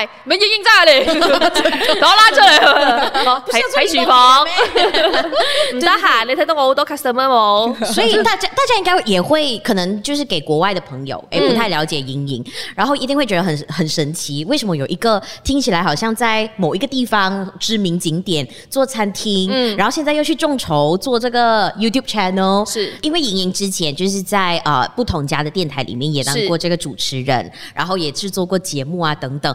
盈盈真係然攞拉出嚟喎，喺喺廚房， 不行 你睇到我很多 customer 所以大家大家應該也會可能就是給國外的朋友，誒，不太了解盈盈、嗯，然後一定會覺得很很神奇，為什麼有一個聽起來好像在某一個地方知名景點做餐廳、嗯，然後現在又去眾籌做這個 YouTube channel，是因為盈盈之前就是在、呃、不同家的電台裏面也當過這個主持人，是然後也製作過節目啊等等。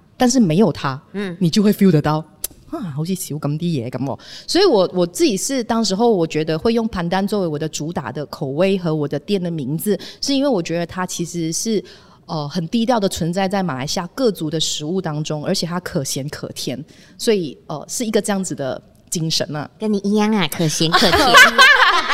但是沒有它，嗯，你就會 feel 得到啊，好似小咁啲嘢咁哦。所、嗯、以，我、嗯、我自己是當時候，我覺得會用盤丹作為我的主打的口味和我的店的名字，是因為我覺得它其實是呃很低調的存在在馬來西亞各族的食物當中，而且它可鹹可甜，所以呃是一個這樣子的精神啊，跟你一樣啊，可鹹可甜。